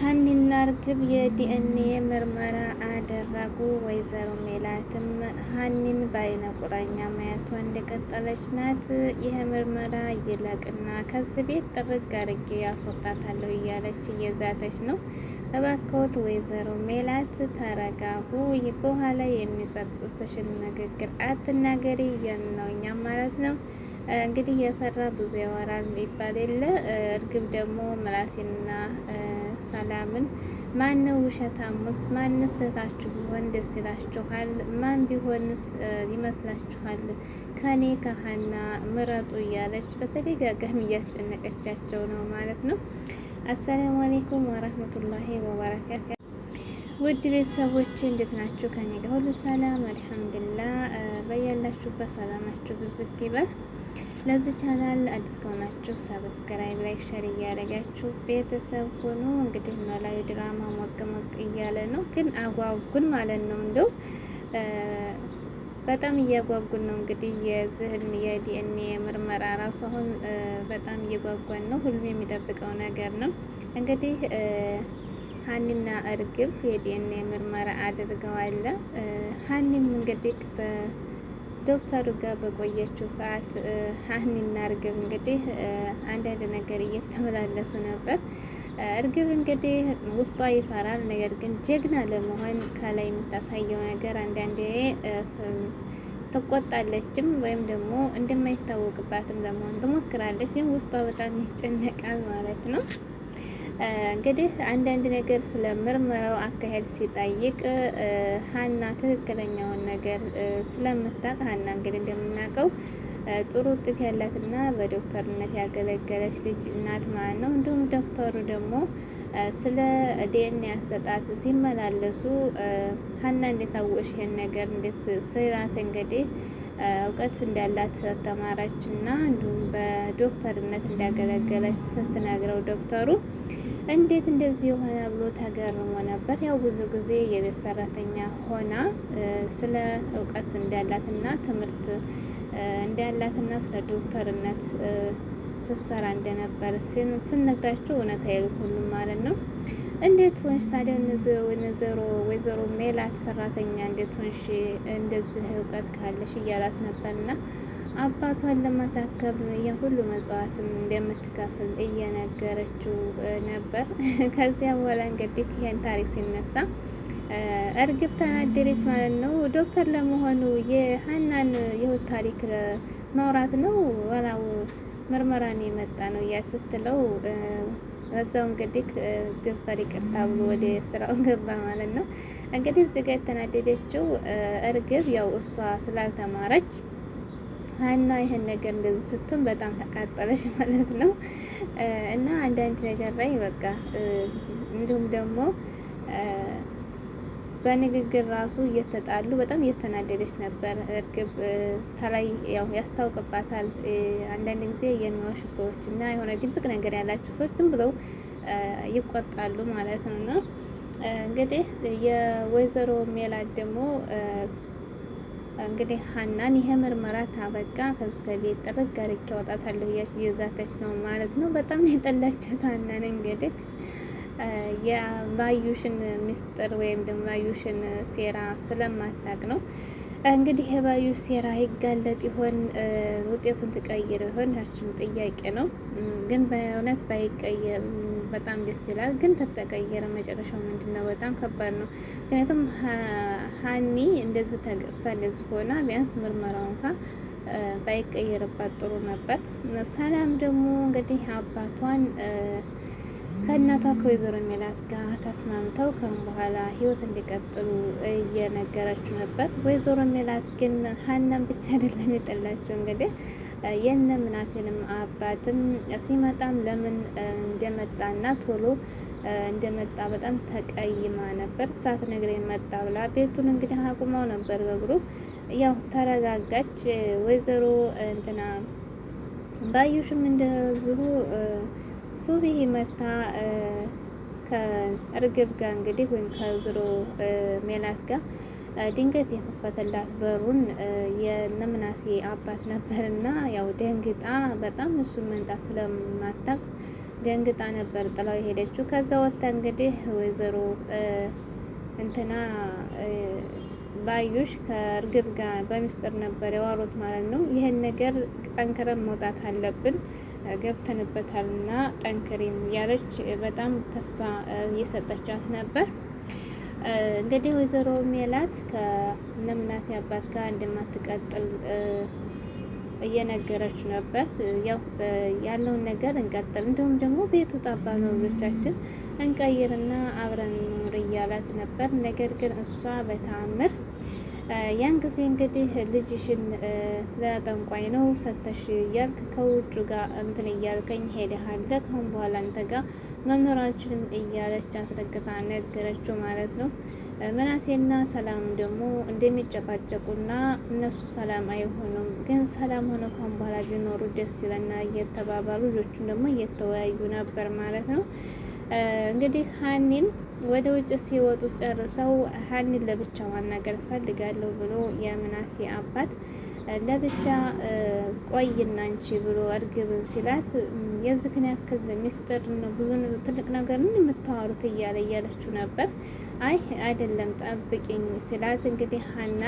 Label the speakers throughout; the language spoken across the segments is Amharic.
Speaker 1: ሀኒና እርግብ የዲኤንኤ ምርመራ አደረጉ። ወይዘሮ ሜላትም ሀኒን በአይነ ቁራኛ ማየቷ እንደቀጠለች ናት። ይህ ምርመራ ይለቅና ከዚህ ቤት ጥርግ አርጌ ያስወጣታለሁ እያለች እየዛተች ነው። እባክዎት ወይዘሮ ሜላት ተረጋጉ፣ በኋላ የሚጸጽትሽን ንግግር አትናገሪ እያልን ማለት ነው። እንግዲህ የፈራ ብዙ ያወራል ይባል የለ እርግብ ደግሞ ምላሴና ሰላምን ማነው ውሸታሙስ? ማንስ እህታችሁ ቢሆን ደስ ይላችኋል? ማን ቢሆንስ ይመስላችኋል? ከኔ ከሀና ምረጡ እያለች በተደጋጋሚ እያስጨነቀቻቸው ነው ማለት ነው። አሰላሙ አሌይኩም ወረህመቱላሂ ወበረካቱ። ውድ ቤተሰቦች እንዴት ናችሁ? ከኔ ጋር ሁሉ ሰላም አልሐምዱሊላህ። በያላችሁበት ሰላማችሁ ብዝት ይበል። ለዚህ ቻናል አዲስ ከሆናችሁ ሰብስክራይብ፣ ላይክ፣ ሸር እያደረጋችሁ ቤተሰብ ሆኖ እንግዲህ ኖላዊ ድራማ ሞቅ ሞቅ እያለ ነው፣ ግን አጓጉን ማለት ነው እንደው በጣም እያጓጉን ነው። እንግዲህ የዝህን የዲኤንኤ ምርመራ ራሱ አሁን በጣም እየጓጓን ነው። ሁሉም የሚጠብቀው ነገር ነው። እንግዲህ ሀኒና እርግብ የዲኤንኤ ምርመራ አድርገዋለ። ሀኒም እንግዲህ ዶክተሩ ጋር በቆየችው ሰዓት ሀኒና እርግብ እንግዲህ አንዳንድ ነገር እየተመላለሱ ነበር። እርግብ እንግዲህ ውስጧ ይፈራል። ነገር ግን ጀግና ለመሆን ከላይ የምታሳየው ነገር አንዳንዴ ትቆጣለችም ወይም ደግሞ እንደማይታወቅባትም ለመሆን ትሞክራለች። ግን ውስጧ በጣም ይጨነቃል ማለት ነው። እንግዲህ አንዳንድ ነገር ስለ ምርመራው አካሄድ ሲጠይቅ ሀና ትክክለኛውን ነገር ስለምታውቅ ሀና እንግዲህ እንደምናውቀው ጥሩ ውጤት ያላትና በዶክተርነት ያገለገለች ልጅ እናት ማለት ነው። እንዲሁም ዶክተሩ ደግሞ ስለ ዲኤንኤ አሰጣጥ ሲመላለሱ ሀና እንዴት አወቅሽ ይሄን ነገር እንዴት ስላት እንግዲህ እውቀት እንዳላት ተማራች እና እንዲሁም በዶክተርነት እንዳገለገለች ስትነግረው ዶክተሩ እንዴት እንደዚህ የሆነ ብሎ ተገርሞ ነበር። ያው ብዙ ጊዜ የቤት ሰራተኛ ሆና ስለ እውቀት እንዳላትና ትምህርት እንዳላትና ስለ ዶክተርነት ስሰራ እንደነበር ስነግዳቸው እውነት አይሉ ሁሉም ማለት ነው። እንዴት ሆንሽ ታዲያ ወይዘሮ ወይዘሮ ሜላት ሰራተኛ እንዴት ሆንሽ እንደዚህ እውቀት ካለሽ እያላት ነበርና አባቷን ለማሳከብ የሁሉ መጽዋትም እንደምትከፍል እየነገረችው ነበር። ከዚያ በኋላ እንግዲህ ይህን ታሪክ ሲነሳ እርግብ ተናደደች ማለት ነው። ዶክተር ለመሆኑ የሀናን የህይወት ታሪክ ማውራት ነው ወላው ምርመራን የመጣ ነው እያስትለው በዛው እንግዲህ ዶክተር ይቅርታ ብሎ ወደ ስራው ገባ ማለት ነው። እንግዲህ እዚህ የተናደደችው እርግብ ያው እሷ ስላልተማረች ሀና ይህን ነገር እንደዚህ ስትም በጣም ተቃጠለች ማለት ነው። እና አንዳንድ ነገር ላይ በቃ እንዲሁም ደግሞ በንግግር ራሱ እየተጣሉ በጣም እየተናደደች ነበር። እርግብ ተላይ ያው ያስታውቅባታል። አንዳንድ ጊዜ የሚዋሹ ሰዎች እና የሆነ ድብቅ ነገር ያላቸው ሰዎች ዝም ብለው ይቆጣሉ ማለት ነው። እና እንግዲህ የወይዘሮ ሜላት ደግሞ እንግዲህ ሀናን ይሄ ምርመራ ታበቃ ከዚህ ከቤት ጠበቅ አድርጌ አወጣታለሁ እየዛተች ነው ማለት ነው። በጣም ነው የጠላቻት ሀናን። እንግዲህ የባዩሽን ሚስጥር ወይም ደግሞ ባዩሽን ሴራ ስለማታቅ ነው እንግዲህ የባዩሽ ሴራ ይጋለጥ ይሆን ውጤቱን ትቀይር ይሆን? እሱም ጥያቄ ነው። ግን በእውነት ባይቀየር በጣም ደስ ይላል። ግን ተተቀየረ መጨረሻው ምንድን ነው? በጣም ከባድ ነው። ምክንያቱም ሀኒ እንደዚህ ተገፍታ እንደዚህ ሆና ቢያንስ ምርመራው እንኳን ባይቀየርባት ጥሩ ነበር። ሰላም ደግሞ እንግዲህ አባቷን ከእናቷ ከወይዘሮ ሜላት ጋር ተስማምተው ከም በኋላ ህይወት እንዲቀጥሉ እየነገረችው ነበር። ወይዘሮ ሜላት ግን ሀናን ብቻ አይደለም የጠላቸው እንግዲህ የነ ምናሴንም አባትም ሲመጣም ለምን እንደመጣና ቶሎ እንደመጣ በጣም ተቀይማ ነበር። ሳት ነገር መጣ ብላ ቤቱን እንግዲህ አቁመው ነበር በእግሩ ያው ተረጋጋች። ወይዘሮ እንትና ባዩሽም እንደዚሁ ሱቢ መታ ከእርግብ ጋር እንግዲህ ወይም ከወይዘሮ ሜላት ጋር ድንገት የከፈተላት በሩን የነምናሴ አባት ነበርና ያው ደንግጣ በጣም እሱ መንጣ ስለማታቅ ደንግጣ ነበር ጥላው የሄደችው። ከዛ ወጥታ እንግዲህ ወይዘሮ እንትና ባዩሽ ከእርግብ ጋር በሚስጥር ነበር የዋሮት ማለት ነው። ይህን ነገር ጠንክረን መውጣት አለብን ገብተንበታልና ጠንክሬም ያለች በጣም ተስፋ እየሰጠቻት ነበር። እንግዲህ ወይዘሮ ሜላት ከነምናሴ አባት ጋር እንደማትቀጥል እየነገረች ነበር። ያው ያለውን ነገር እንቀጥል፣ እንዲሁም ደግሞ ቤቱ ጣባ መብሎቻችን እንቀይርና አብረን ኑር እያላት ነበር። ነገር ግን እሷ በተአምር ያን ጊዜ እንግዲህ ልጅሽን ለጠንቋይ ነው ሰተሽ እያልክ ከውጩ ጋር እንትን እያልከኝ ሄደሃለ ከአሁን በኋላ አንተ ጋር መኖር አልችልም እያለች አስረግጣ ነገረችው ማለት ነው። ምናሴና ሰላም ደግሞ እንደሚጨቃጨቁና እነሱ ሰላም አይሆኑም፣ ግን ሰላም ሆነ ካሁን በኋላ ቢኖሩ ደስ ይለና እየተባባሉ ልጆቹን ደግሞ እየተወያዩ ነበር ማለት ነው። እንግዲህ ሀኒን ወደ ውጭ ሲወጡ ጨርሰው ሀኒን ለብቻ ማናገር ፈልጋለሁ ብሎ የምናሴ አባት ለብቻ ቆይና አንቺ ብሎ እርግብን ሲላት የዚህን ያክል ሚስጥር ብዙ ትልቅ ነገር ምን የምታወሩት እያለ እያለችው ነበር። አይ አይደለም ጠብቅኝ ሲላት እንግዲህ ሀና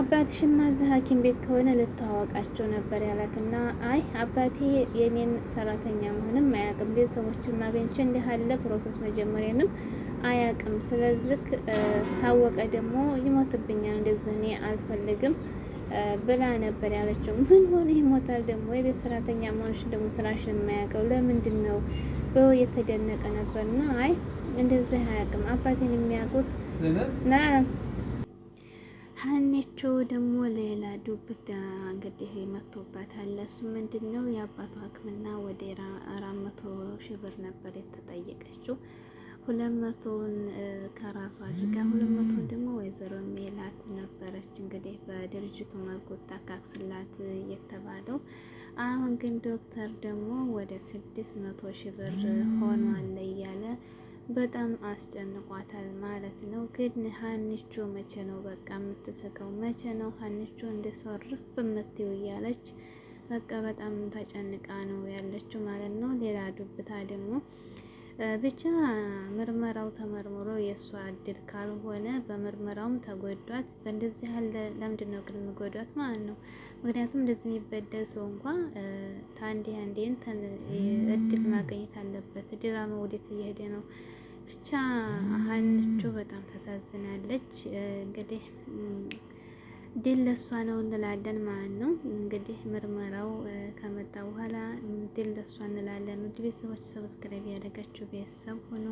Speaker 1: አባትሽማ እዚህ ሐኪም ቤት ከሆነ ልታዋወቃቸው ነበር ያላትና አይ አባቴ የኔን ሰራተኛ መሆንም አያውቅም፣ ቤተሰቦችን ማገኘት እንዲህ ያለ ፕሮሰስ መጀመሪያንም አያውቅም። ስለዚህ ታወቀ ደግሞ ይሞትብኛል፣ እንደዚህ እኔ አልፈልግም ብላ ነበር ያለችው። ምን ሆነ ይሞታል ደግሞ የቤት ሰራተኛ መሆንሽ ደግሞ ስራሽን የማያውቀው ለምንድን ነው ብሎ የተደነቀ ነበርና አይ እንደዚህ አያውቅም አባቴን የሚያውቁት ሀኔቾ ደግሞ ሌላ ዱብት እንግዲህ መቶባታል እሱ ምንድን ነው የአባቷ ሕክምና ወደ አራት መቶ ሺህ ብር ነበር የተጠየቀችው። ሁለት መቶውን ከራሷ አድርጋ ሁለት መቶውን ደግሞ ወይዘሮ ሜላት ነበረች እንግዲህ በድርጅቱ መልኩ ታካክስላት የተባለው። አሁን ግን ዶክተር ደግሞ ወደ ስድስት መቶ ሺህ ብር ሆኗል እያለ በጣም አስጨንቋታል ማለት ነው። ግን ሀንቾ መቼ ነው በቃ የምትስቀው? መቼ ነው ሀንቾ እንደሰው ርፍ የምትይው? እያለች በቃ በጣም ተጨንቃ ነው ያለችው ማለት ነው። ሌላ ዱብታ ደግሞ ብቻ ምርመራው ተመርምሮ የእሷ እድል ካልሆነ በምርመራውም ተጎዷት በእንደዚህ ያለ ለምንድን ነው ግን ምጎዷት ማለት ነው? ምክንያቱም እንደዚህ የሚበደል ሰው እንኳ ታንዴ አንዴን እድል ማገኘት አለበት። ድራማ ወዴት እየሄደ ነው? ብቻ ሀንቾ በጣም ተሳዝናለች። እንግዲህ ድል ለሷ ነው እንላለን ማለት ነው። እንግዲህ ምርመራው ከመጣ በኋላ ድል ለሷ እንላለን። ውድ ቤተሰቦች ሰብስክራይብ ያደረጋችሁ ቤተሰብ ሆኖ